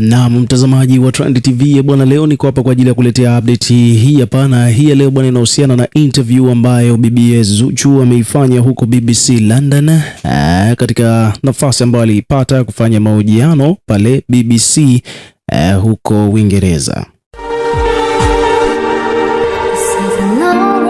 Na mtazamaji wa Trend TV eh, bwana, leo niko hapa kwa ajili ya kuletea update hii hapa, na hii leo bwana inahusiana na interview ambayo bibi Zuchu ameifanya huko BBC London aa, eh, katika nafasi ambayo aliipata kufanya mahojiano pale BBC aa, eh, huko Uingereza.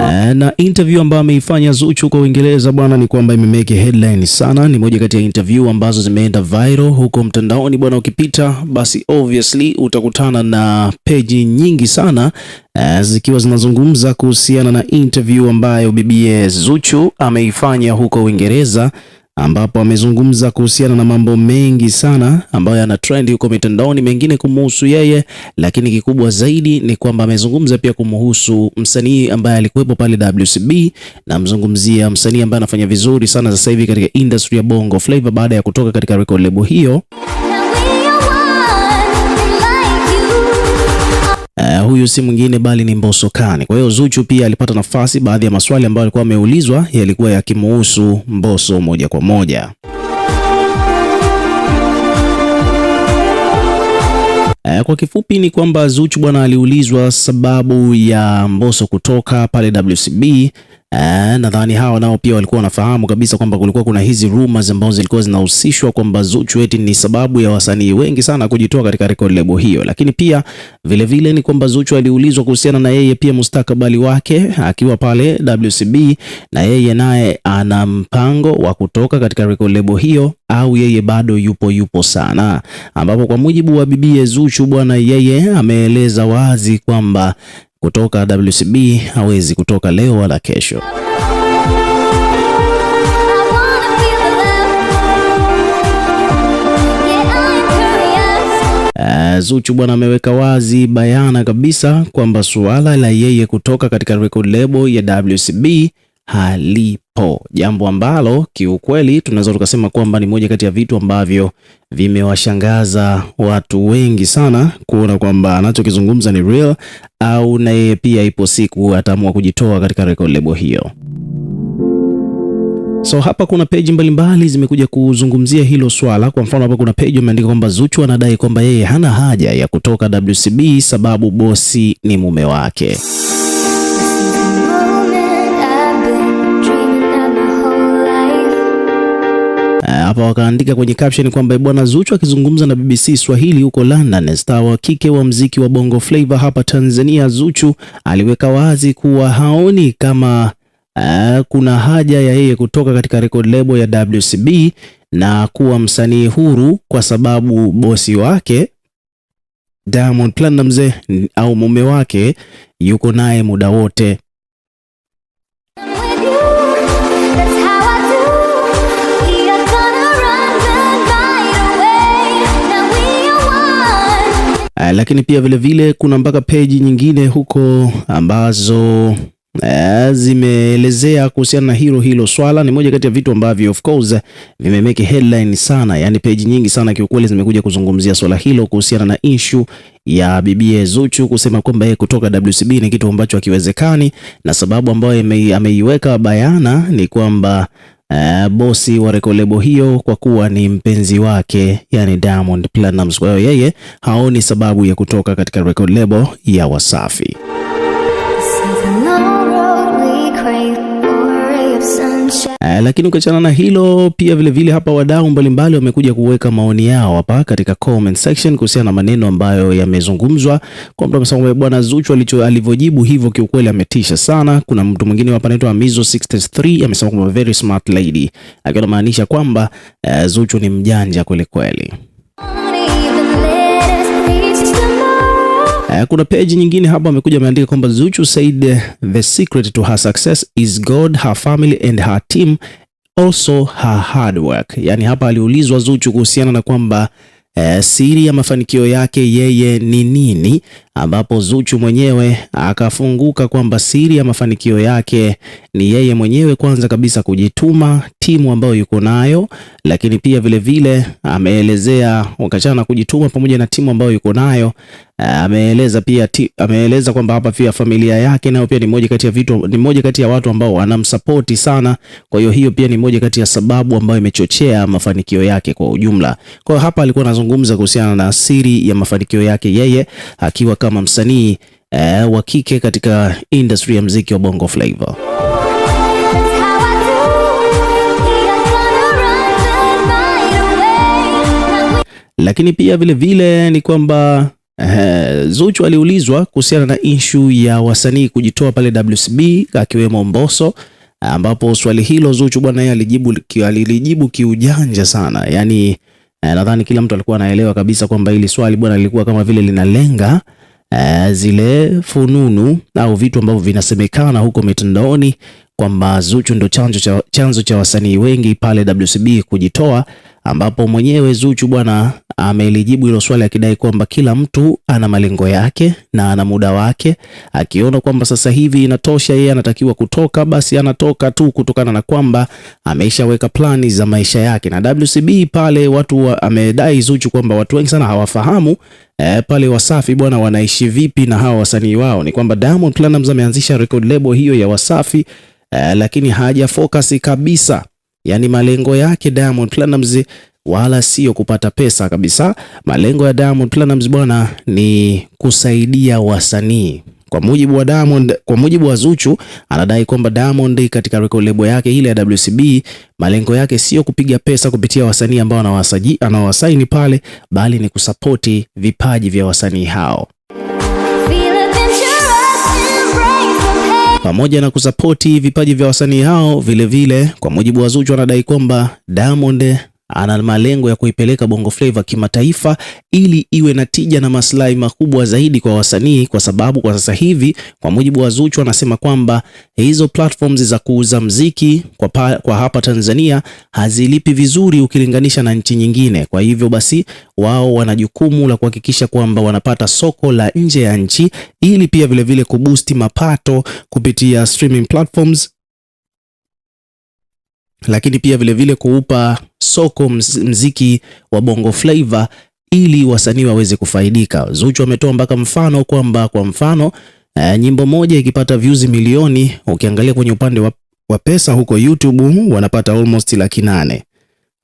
Eh, na interview ambayo ameifanya Zuchu kwa Uingereza bwana, ni kwamba imemeke headline sana. Ni moja kati ya interview ambazo zimeenda viral huko mtandaoni bwana. Ukipita basi, obviously utakutana na peji nyingi sana eh, zikiwa zinazungumza kuhusiana na interview ambayo bibie Zuchu ameifanya huko Uingereza ambapo amezungumza kuhusiana na mambo mengi sana ambayo yana trend huko mitandaoni, mengine kumuhusu yeye, lakini kikubwa zaidi ni kwamba amezungumza pia kumuhusu msanii ambaye alikuwepo pale WCB. Namzungumzia msanii ambaye anafanya vizuri sana sasa hivi katika industry ya Bongo Flava baada ya kutoka katika record label hiyo. Uh, huyu si mwingine bali ni Mbosso Khan. Kwa hiyo Zuchu pia alipata nafasi, baadhi ya maswali ambayo alikuwa ameulizwa yalikuwa yakimuhusu Mbosso moja kwa moja. Eh, kwa kifupi ni kwamba Zuchu bwana aliulizwa sababu ya Mbosso kutoka pale WCB eh, nadhani hao nao pia walikuwa wanafahamu kabisa kwamba kulikuwa kuna hizi rumors ambazo zilikuwa zinahusishwa kwamba Zuchu eti ni sababu ya wasanii wengi sana kujitoa katika record label hiyo, lakini pia vilevile vile ni kwamba Zuchu aliulizwa kuhusiana na yeye pia mustakabali wake akiwa pale WCB, na yeye naye ana mpango wa kutoka katika record label hiyo au yeye bado yupo yupo sana, ambapo kwa mujibu wa bibie Zuchu bwana, yeye ameeleza wazi kwamba kutoka WCB hawezi kutoka leo wala kesho. Eh, Zuchu bwana ameweka wazi bayana kabisa kwamba suala la yeye kutoka katika record label ya WCB halipo, jambo ambalo kiukweli tunaweza tukasema kwamba ni moja kati ya vitu ambavyo vimewashangaza watu wengi sana kuona kwamba anachokizungumza ni real au na yeye pia ipo siku ataamua kujitoa katika record label hiyo. So hapa kuna peji mbalimbali zimekuja kuzungumzia hilo swala. Kwa mfano, hapa kuna peji imeandika kwamba Zuchu anadai kwamba yeye hana haja ya kutoka WCB sababu bosi ni mume wake. hapa wakaandika kwenye caption kwamba eh, bwana Zuchu akizungumza na BBC Swahili huko London, star wa kike wa mziki wa Bongo Flava hapa Tanzania, Zuchu aliweka wazi kuwa haoni kama uh, kuna haja ya yeye kutoka katika record label ya WCB na kuwa msanii huru kwa sababu bosi wake Diamond Platnumz au mume wake yuko naye muda wote. lakini pia vilevile vile, kuna mpaka peji nyingine huko ambazo eh, zimeelezea kuhusiana na hilo hilo swala. Ni moja kati ya vitu ambavyo of course vimemeke headline sana, yani peji nyingi sana kiukweli zimekuja kuzungumzia swala hilo kuhusiana na ishu ya bibie Zuchu kusema kwamba yeye kutoka WCB ni kitu ambacho hakiwezekani, na sababu ambayo ameiweka bayana ni kwamba uh, bosi wa rekolebo hiyo kwa kuwa ni mpenzi wake, yani Diamond Platnumz. Kwa hiyo yeye haoni sababu ya kutoka katika rekolebo ya Wasafi. Uh, lakini ukiachana na hilo pia vilevile vile hapa wadau mbalimbali wamekuja kuweka maoni yao hapa katika comment section kuhusiana na maneno ambayo yamezungumzwa. Kwa mtu amesema bwana Zuchu alicho alivyojibu hivyo kiukweli ametisha sana. Kuna mtu mwingine hapa anaitwa Mizo 63 amesema kwamba very smart lady, akiwa anamaanisha kwamba uh, Zuchu ni mjanja kweli kweli. Kuna page nyingine hapa amekuja ameandika kwamba Zuchu said the secret to her success is God, her family and her team also her hard work. Yaani hapa aliulizwa Zuchu kuhusiana na kwamba E, siri ya mafanikio yake yeye ni nini, ambapo Zuchu mwenyewe akafunguka kwamba siri ya mafanikio yake ni yeye mwenyewe, kwanza kabisa kujituma, timu ambayo yuko nayo, lakini pia vilevile ameelezea wakachana na kujituma pamoja na timu ambayo yuko nayo, Eh, ameeleza pia ameeleza kwamba hapa pia familia yake nayo pia ni moja kati ya vitu, ni moja kati ya watu ambao wanamsapoti sana. Kwa hiyo hiyo pia ni moja kati ya sababu ambayo imechochea mafanikio yake kwa ujumla. Kwa hiyo hapa alikuwa anazungumza kuhusiana na siri ya mafanikio yake yeye akiwa kama msanii eh, wa kike katika industry ya mziki wa Bongo Flava. Lakini pia vile vile ni kwamba Zuchu aliulizwa kuhusiana na ishu ya wasanii kujitoa pale WCB akiwemo Mbosso, ambapo swali hilo Zuchu bwana yeye alijibu alilijibu kiujanja sana, yaani eh, nadhani kila mtu alikuwa anaelewa kabisa kwamba hili swali bwana lilikuwa kama vile linalenga e, zile fununu au vitu ambavyo vinasemekana huko mitandaoni kwamba Zuchu ndo chanzo cha, chanzo cha wasanii wengi pale WCB kujitoa ambapo mwenyewe Zuchu bwana amelijibu hilo swali akidai kwamba kila mtu ana malengo yake na ana muda wake. Akiona kwamba sasa hivi inatosha, yeye anatakiwa kutoka, basi anatoka tu, kutokana na kwamba ameshaweka plani za maisha yake. Na WCB pale watu wa, amedai Zuchu kwamba watu wengi sana hawafahamu eh, pale Wasafi bwana wanaishi vipi na hawa wasanii wao. Ni kwamba Diamond Platnumz ameanzisha record label hiyo ya Wasafi eh, lakini haja focus kabisa Yaani malengo yake Diamond Platinumz wala sio kupata pesa kabisa. Malengo ya Diamond Platinumz bwana ni kusaidia wasanii. Kwa mujibu wa Diamond, kwa mujibu wa Zuchu anadai kwamba Diamond katika record label yake ile ya WCB malengo yake sio kupiga pesa kupitia wasanii ambao anawasaini pale, bali ni kusapoti vipaji vya wasanii hao. pamoja na kusapoti vipaji vya wasanii hao vilevile vile. Kwa mujibu wa Zuchu anadai kwamba Diamond ana malengo ya kuipeleka Bongo Flava kimataifa ili iwe na tija na maslahi makubwa zaidi kwa wasanii, kwa sababu kwa sasa hivi, kwa mujibu wa Zuchu, anasema kwamba hizo platforms za kuuza mziki kwa, pa, kwa hapa Tanzania hazilipi vizuri ukilinganisha na nchi nyingine. Kwa hivyo basi, wao wana jukumu la kuhakikisha kwamba wanapata soko la nje ya nchi ili pia vilevile vile kubusti mapato kupitia streaming platforms, lakini pia vilevile vile kuupa soko mziki wa Bongo Flava ili wasanii waweze kufaidika. Zuchu ametoa mpaka mfano kwamba kwa mfano uh, nyimbo moja ikipata views milioni, ukiangalia kwenye upande wa, wa pesa huko YouTube wanapata almost laki nane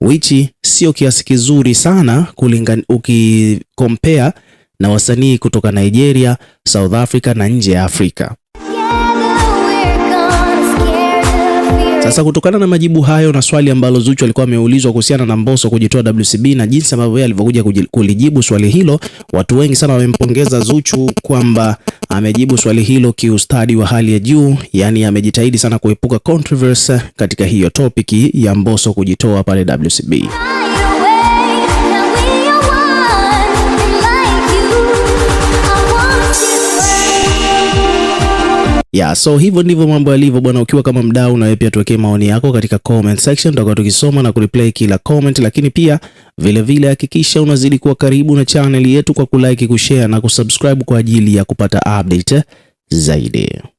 which sio kiasi kizuri sana kulinga, ukikompea na wasanii kutoka Nigeria, South Africa na nje ya Afrika. Sasa kutokana na majibu hayo na swali ambalo Zuchu alikuwa ameulizwa kuhusiana na Mbosso kujitoa WCB na jinsi ambavyo yeye alivyokuja kulijibu swali hilo, watu wengi sana wamempongeza Zuchu kwamba amejibu swali hilo kiustadi wa hali ya juu, yaani amejitahidi sana kuepuka controversy katika hiyo topiki ya Mbosso kujitoa pale WCB. Yeah, so hivyo ndivyo mambo yalivyo bwana. Ukiwa kama mdau, na wewe pia tuwekee maoni yako katika comment section, tutakuwa tukisoma na kureplay kila comment, lakini pia vilevile hakikisha vile unazidi kuwa karibu na channel yetu kwa kulike, kushare na kusubscribe kwa ajili ya kupata update zaidi.